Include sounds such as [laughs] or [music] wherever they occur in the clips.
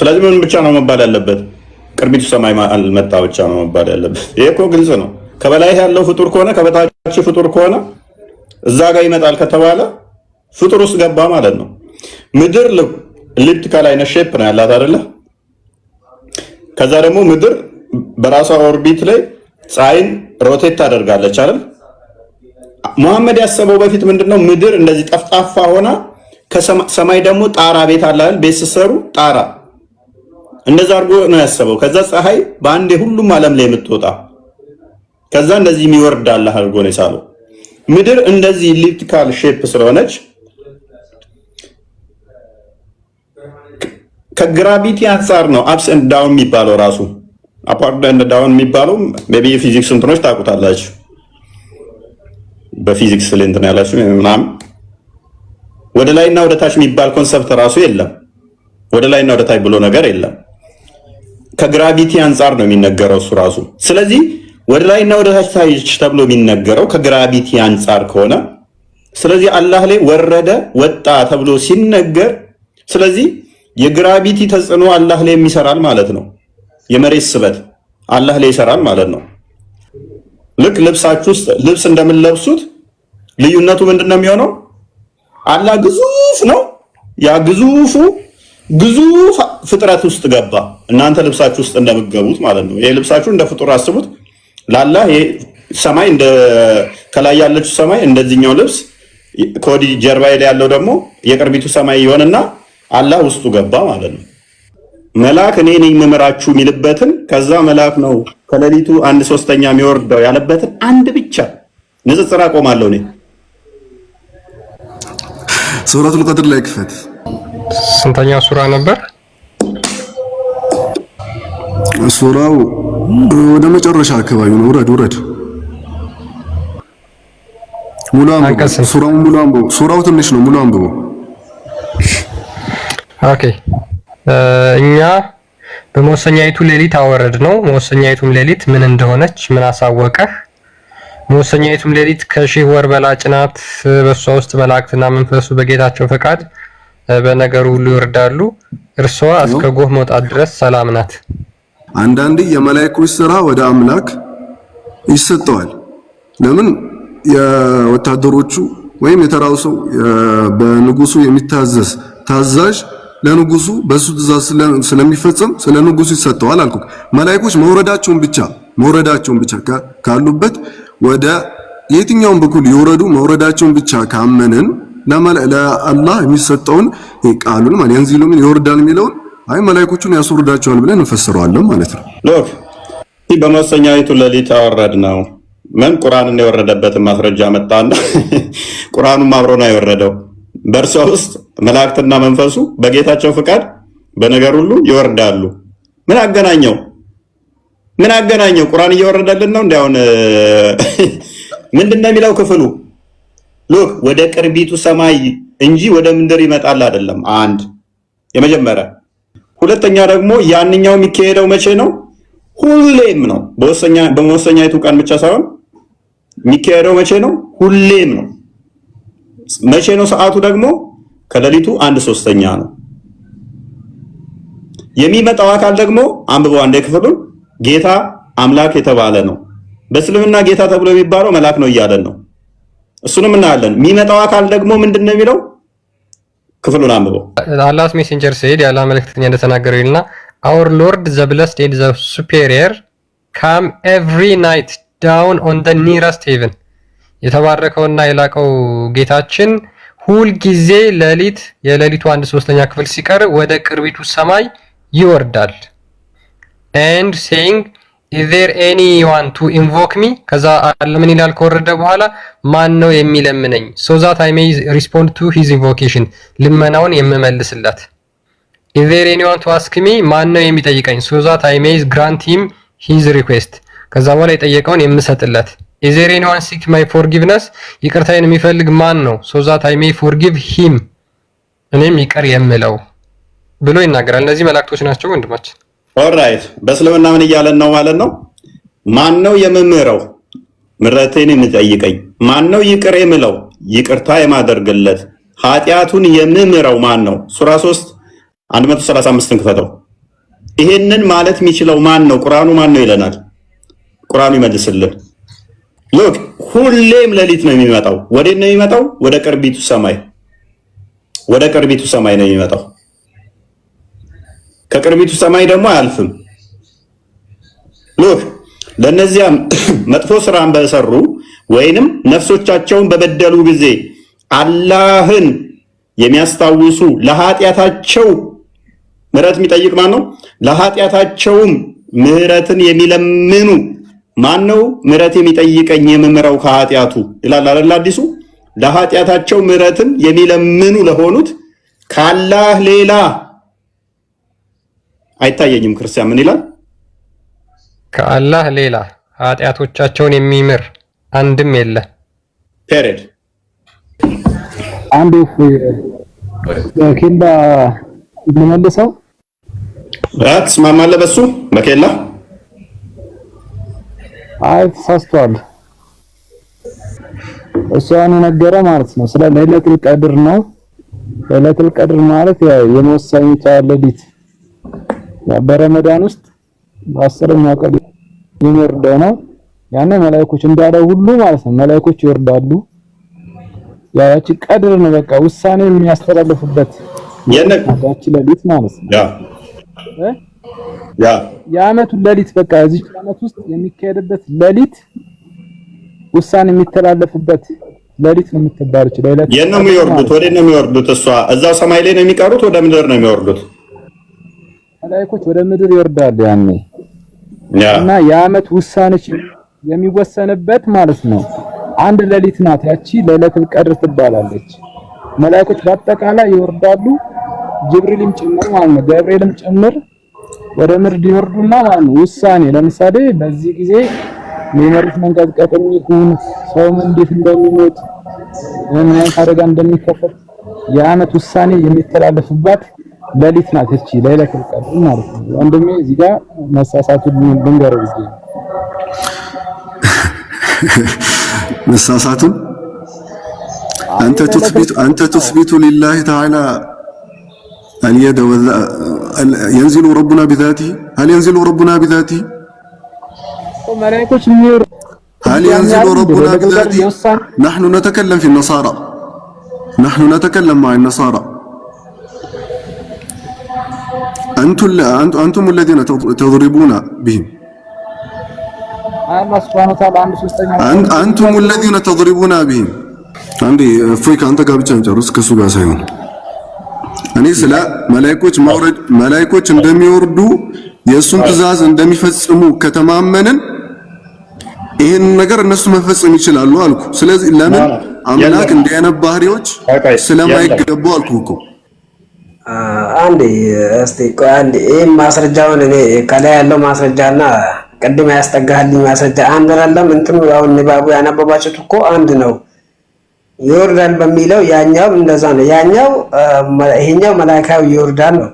ስለዚህ ምን ብቻ ነው መባል ያለበት? ቅርቢቱ ሰማይ አልመጣ ብቻ ነው መባል ያለበት። ይሄ እኮ ግልጽ ነው። ከበላይ ያለው ፍጡር ከሆነ ከበታች ፍጡር ከሆነ እዛ ጋር ይመጣል ከተባለ ፍጡር ውስጥ ገባ ማለት ነው። ምድር ከላይ ነ ሼፕ ነው ያላት አይደለ? ከዛ ደግሞ ምድር በራሷ ኦርቢት ላይ ፀሐይን ሮቴት ታደርጋለች አይደል? መሐመድ ያሰበው በፊት ምንድነው ምድር እንደዚህ ጠፍጣፋ ሆና ከሰማይ ደግሞ ጣራ ቤት አለ አይደል? ቤት ስትሰሩ ጣራ እንደዛ አድርጎ ነው ያሰበው። ከዛ ፀሐይ በአንዴ ሁሉም ዓለም ላይ የምትወጣ ከዛ እንደዚህ የሚወርድ አለ አድርጎ ነው የሳለው። ምድር እንደዚህ ኤሊፕቲካል ሼፕ ስለሆነች ከግራቪቲ አንጻር ነው አፕስ ኤንድ ዳውን የሚባለው ራሱ አፓርት ኤንድ ዳውን የሚባለው ሜቢ የፊዚክስ እንትኖች ታውቁታላችሁ። በፊዚክስ ላይ እንትን ያላችሁ ምናምን ወደ ላይና ወደ ታች የሚባል ኮንሰፕት ራሱ የለም። ወደ ላይና ወደ ታች ብሎ ነገር የለም። ከግራቪቲ አንጻር ነው የሚነገረው እሱ ራሱ። ስለዚህ ወደ ላይና ወደ ታች ታየች ተብሎ የሚነገረው ከግራቪቲ አንጻር ከሆነ ስለዚህ አላህ ላይ ወረደ ወጣ ተብሎ ሲነገር ስለዚህ የግራቪቲ ተጽዕኖ አላህ ላይ የሚሰራል ማለት ነው። የመሬት ስበት አላህ ላይ ይሰራል ማለት ነው። ልክ ልብሳችሁ ውስጥ ልብስ እንደምንለብሱት ልዩነቱ ምንድን ነው የሚሆነው? አላህ ግዙፍ ነው። ያ ግዙፉ ግዙፍ ፍጥረት ውስጥ ገባ። እናንተ ልብሳችሁ ውስጥ እንደምገቡት ማለት ነው። ይሄ ልብሳችሁ እንደ ፍጡር አስቡት። ላላ ይሄ ሰማይ እንደ ከላይ ያለችው ሰማይ እንደዚህኛው ልብስ ኮዲ ጀርባ ላይ ያለው ደግሞ የቅርቢቱ ሰማይ ይሆንና አላህ ውስጡ ገባ ማለት ነው። መልአክ እኔ ነኝ መምራችሁ የሚልበትን ከዛ መልአክ ነው ከሌሊቱ አንድ ሶስተኛ የሚወርደው ያለበትን አንድ ብቻ ንጽጽር አቆማለሁ እኔ ሱረቱል ቀድር ላይ ክፈት ስንተኛ ሱራ ነበር? ሱራው ወደ መጨረሻ አካባቢ ነው። ውረድ ውረድ። ሙሉ አንብቦ ሱራው ሙሉ አንብቦ ሱራው ትንሽ ነው። ሙሉ አንብቦ። ኦኬ እኛ በመወሰኛይቱ ሌሊት አወረድ ነው። መወሰኛይቱም ሌሊት ምን እንደሆነች ምን አሳወቀህ? መወሰኛይቱም ሌሊት ከሺህ ወር በላጭ ናት። በእሷ ውስጥ መላእክትና መንፈሱ በጌታቸው ፈቃድ በነገሩ ሁሉ ይወርዳሉ። እርሷ እስከ ጎህ መውጣት ድረስ ሰላም ናት። አንዳንዴ የመላእክቶች ስራ ወደ አምላክ ይሰጠዋል። ለምን የወታደሮቹ ወይም የተራው ሰው በንጉሱ የሚታዘዝ ታዛዥ ለንጉሱ በሱ ትእዛዝ ስለሚፈጸም ስለ ንጉሱ ይሰጠዋል አልኩ። መላእክቶች መውረዳቸውን ብቻ መውረዳቸውን ብቻ ካሉበት ወደ የትኛውም በኩል ይወረዱ መውረዳቸውን ብቻ ካመንን ለአላህ የሚሰጠውን ቃሉን ማለት የንዚሉ ምን ይወርዳል የሚለውን አይ መላእክቶቹን ያስወርዳቸዋል ብለን እንፈስረዋለን ማለት ነው። ሎክ ይህ በመሰኛይቱ ሌሊት አወረድ ነው። ምን ቁርአንን የወረደበትን ማስረጃ መጣና [laughs] ቁርአኑም አብሮ ነው የወረደው። በእርሷ ውስጥ መላእክትና መንፈሱ በጌታቸው ፍቃድ በነገር ሁሉ ይወርዳሉ። ምን አገናኘው? ምን አገናኘው? ቁርአን እየወረደልን ነው እንዲያውን [laughs] ምንድን ነው የሚለው ክፍሉ ሉክ ወደ ቅርቢቱ ሰማይ እንጂ ወደ ምንድር ይመጣል አይደለም። አንድ የመጀመሪያ ሁለተኛ ደግሞ ያንኛው የሚካሄደው መቼ ነው? ሁሌም ነው። በመወሰኛይቱ ቀን ብቻ ሳይሆን የሚካሄደው መቼ ነው? ሁሌም ነው። መቼ ነው? ሰዓቱ ደግሞ ከሌሊቱ አንድ ሶስተኛ ነው። የሚመጣው አካል ደግሞ አንብበው አንዴ ክፍሉን ጌታ አምላክ የተባለ ነው። በእስልምና ጌታ ተብሎ የሚባለው መልአክ ነው እያለን ነው። እሱንም እናያለን። የሚመጣው አካል ደግሞ ምንድን ነው የሚለው ክፍሉን አንብበው። አላስ ሜሴንጀር ሲሄድ ያለ መልእክተኛ እንደተናገረ ይልና አውር ሎርድ ዘ ብለስድ ኤንድ ዘ ሱፔሪየር ካም ኤቭሪ ናይት ዳውን ኦን ደ ኒረስት ሄቨን የተባረከውና የላቀው ጌታችን ሁልጊዜ ሌሊት የሌሊቱ አንድ ሶስተኛ ክፍል ሲቀር ወደ ቅርቢቱ ሰማይ ይወርዳል ኤንድ ሴይንግ ኢዘር ኤኒ ዋን ቱ ኢንቮክ ሚ ከዛ ምን ይላል? ከወረደ በኋላ ማን ነው የሚለምነኝ? ሶ ዛት አይ ሜይ ሪስፖንድ ቱ ሂዝ ኢንቮኬሽን ልመናውን የምመልስለት። ኢዘር ኤኒ ዋን ቱ አስክ ሚ ማን ነው የሚጠይቀኝ? ሶ ዛት አይ ሜይ ግራንት ሂም ሂዝ ሪኩዌስት ከዛ በኋላ የጠየቀውን የምሰጥለት። ኢዘር ኤኒ ዋን ሲክ ማይ ፎርጊቭነስ ይቅርታዬን የሚፈልግ ማን ነው? ሶ ዛት አይ ሜይ ፎርጊቭ ሂም እኔም ይቅር የምለው ብሎ ይናገራል። እነዚህ መላእክቶች ናቸው ወንድማችን ኦራይት በእስልምና ምን እያለን ነው ማለት ነው? ማን ነው የምምረው ምረቴን የሚጠይቀኝ? ማን ነው ይቅር የምለው ይቅርታ የማደርግለት? ኃጢአቱን የምምረው ማን ነው? ሱራ 3 135ን ክፈተው። ይሄንን ማለት የሚችለው ማን ነው? ቁርአኑ ማን ነው ይለናል። ቁርአኑ ይመልስልን። ሎክ ሁሌም ሌሊት ነው የሚመጣው። ወዴት ነው የሚመጣው? ወደ ቅርቢቱ ሰማይ፣ ወደ ቅርቢቱ ሰማይ ነው የሚመጣው። ከቅርቢቱ ሰማይ ደግሞ አያልፍም። ሉክ ለእነዚያም [clears throat] መጥፎ ስራን በሰሩ ወይንም ነፍሶቻቸውን በበደሉ ጊዜ አላህን የሚያስታውሱ ለኃጢአታቸው ምሕረት የሚጠይቅ ማን ነው? ለኃጢአታቸውም ምሕረትን የሚለምኑ ማን ነው? ምሕረት የሚጠይቀኝ የምምረው ከኃጢአቱ ይላል አይደል አዲሱ። ለኃጢአታቸው ምሕረትን የሚለምኑ ለሆኑት ካላህ ሌላ አይታየኝም። ክርስቲያን ምን ይላል? ከአላህ ሌላ ኃጢአቶቻቸውን የሚምር አንድም የለ። ፔሬድ አንዱ በኬላ ልመልሰው። ትስማማለህ? በሱ በኬላ አይ ተሳስቷል። እሱ አሁን የነገረ ማለት ነው ስለ ለይለቱል ቀድር ነው። ለይለቱል ቀድር ማለት የመወሰኝ ቻለ ሌሊት በረመዳን ውስጥ በአስረኛው ቀን የሚወርደው ነው። ያኔ መላእክቶች እንዳለው ሁሉ ማለት ነው መላእክቶች ይወርዳሉ። ያቺ ቀድር ነው በቃ ውሳኔ የሚያስተላልፉበት ያቺ ለሊት ማለት ነው። ያ የዓመቱ ለሊት በቃ እዚህ ዓመት ውስጥ የሚካሄድበት ለሊት ውሳኔ የሚተላለፍበት ለሊት ነው የምትባለች። የት ነው የሚወርዱት? ወዴት ነው የሚወርዱት? እሷ እዛው ሰማይ ላይ ነው የሚቀሩት? ወደ ምድር ነው የሚወርዱት? መላእክቶች ወደ ምድር ይወርዳሉ። ያኔ እና የዓመት ውሳኔ የሚወሰንበት ማለት ነው። አንድ ሌሊት ናት ያቺ ለይለቱል ቀድር ትባላለች። መላእክቶች በአጠቃላይ ይወርዳሉ። ጅብሪልም ጭምር ማለት ነው። ገብርኤልም ጭምር ወደ ምድር ይወርዱና ማለት ነው ውሳኔ ለምሳሌ በዚህ ጊዜ የመሬት መንቀጥቀጥ የሚሆን ሰውም እንዴት እንደሚሞት ምን አይነት አደጋ እንደሚከፈት የዓመት ውሳኔ የሚተላለፍባት ለሊት ናት እቺ ለይለቱል ቀድር ማለት ነው። ወንድሜ እዚህ ጋር መሳሳቱን ልንገረው ብዬ መሳሳቱን አንተ ትስቢቱ አንተ ትስቢቱ ሊላህ ተዓላ አልየድ ينزل ربنا بذاته هل ينزل ربنا بذاته هل ينزل ربنا بذاته نحن نتكلم في النصارى نحن نتكلم مع النصارى አንቱም ለዚነ ተድሪቡና ቢሂም አንቱም ለዚነ ተድሪቡና ቢሂም። አንዴ እፎይ ከአንተ ጋር ብቻ እንጨርስ፣ ከእሱ ጋር ሳይሆን እኔ ስለ መላእክቶች ማውረድ መላእክቶች እንደሚወርዱ የእሱን ትእዛዝ እንደሚፈጽሙ ከተማመንን ይህን ነገር እነሱ መፈጸም ይችላሉ አልኩ። ስለዚህ ለምን አምላክ እንዲህ አይነት ባህሪዎች ስለማይገቡ አልኩ እኮ አንድ እስቲ ቆይ አንድ ይሄን ማስረጃውን እኔ ከላይ ያለው ማስረጃና ቅድም ያስጠጋህልኝ ማስረጃ አንድ አይደለም። እንትም አሁን ንባቡ ያነበባችሁት እኮ አንድ ነው። ዮርዳን በሚለው ያኛው እንደዛ ነው። ያኛው ይሄኛው መላካዊ ዮርዳን ነው።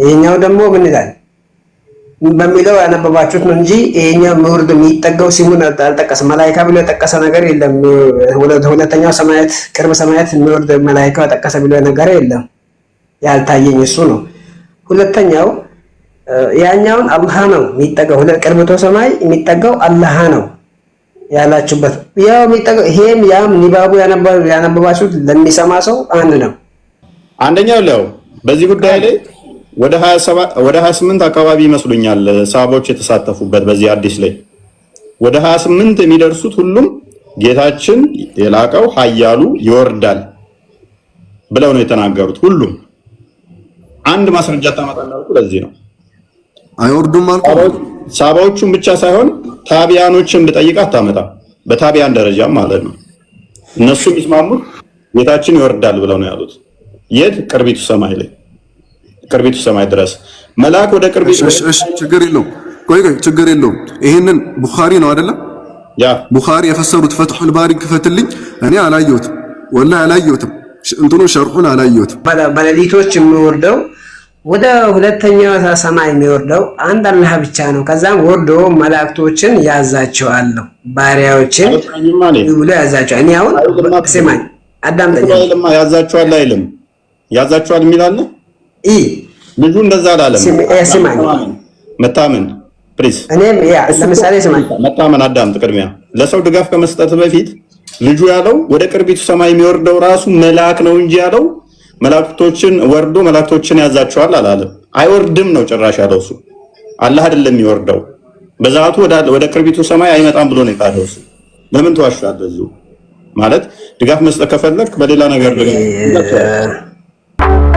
ይሄኛው ደግሞ ምን ይላል በሚለው ያነበባችሁት ነው እንጂ ይሄኛው ምውርድ የሚጠጋው ሲሙን አልጠቀሰም። መላይካ ብሎ የጠቀሰ ነገር የለም። ሁለተኛው ሰማያት ቅርብ ሰማያት ምውርድ መላይካው የጠቀሰ ብሎ ነገር የለም። ያልታየኝ እሱ ነው። ሁለተኛው ያኛውን አላህ ነው የሚጠጋው፣ ቅርብቶ ሰማይ የሚጠጋው አላህ ነው ያላችሁበት ያው የሚጠጋው ይሄም ያም ኒባቡ ያነበባችሁት ለሚሰማ ሰው አንድ ነው። አንደኛው ለው በዚህ ጉዳይ ላይ ወደ 28 አካባቢ ይመስሉኛል ሰሃቦች የተሳተፉበት በዚህ አዲስ ላይ ወደ 28 የሚደርሱት ሁሉም ጌታችን የላቀው ኃያሉ ይወርዳል ብለው ነው የተናገሩት ሁሉም አንድ ማስረጃ ታመጣላችሁ። ለዚህ ነው አይወርዱም አልኩ። ሳባዎቹን ብቻ ሳይሆን ታቢያኖችን ብጠይቅ ታመጣ፣ በታቢያን ደረጃ ማለት ነው። እነሱ የሚስማሙት ጌታችን ይወርዳል ብለው ነው ያሉት። የት? ቅርቢቱ ሰማይ ላይ ቅርቢቱ ሰማይ ድረስ መልአክ ወደ ቅርቢቱ እሺ፣ ችግር የለውም። ቆይ ቆይ፣ ችግር የለውም። ይሄንን ቡኻሪ ነው አይደለም? ያ ቡኻሪ የፈሰሩት ፈትሑል ባሪ ክፈትልኝ። እኔ አላየሁትም፣ ወላሂ አላየሁትም። እንትኑ ሸርሑን አላየሁትም። በሌሊቶች የሚወርደው ወደ ሁለተኛው ሰማይ የሚወርደው አንድ አላህ ብቻ ነው። ከዛም ወርዶ መላእክቶችን ያዛቸዋለሁ፣ ባሪያዎችን ብሎ ያዛቸዋል። እኔ አሁን ስማኝ፣ አዳምጠኝ። ያዛቸዋል አይልም፣ ያዛቸዋል የሚላለ ልጁ እንደዛ አላለም። ስማኝ፣ መታመን ፕሊዝ። እኔም ለምሳሌ ስማኝ፣ መታመን አዳምጥ። ቅድሚያ ለሰው ድጋፍ ከመስጠት በፊት ልጁ ያለው ወደ ቅርቢቱ ሰማይ የሚወርደው ራሱ መልአክ ነው እንጂ ያለው መላእክቶችን ወርዶ መላእክቶችን ያዛቸዋል አላለም። አይወርድም ነው ጭራሽ ያለው እሱ። አላህ አይደለም የሚወርደው በዛቱ ወደ ቅርቢቱ ሰማይ አይመጣም ብሎ ነው የካደው እሱ። ለምን ተዋሻለህ? እዚሁ ማለት ድጋፍ መስጠት ከፈለክ በሌላ ነገር ደግሞ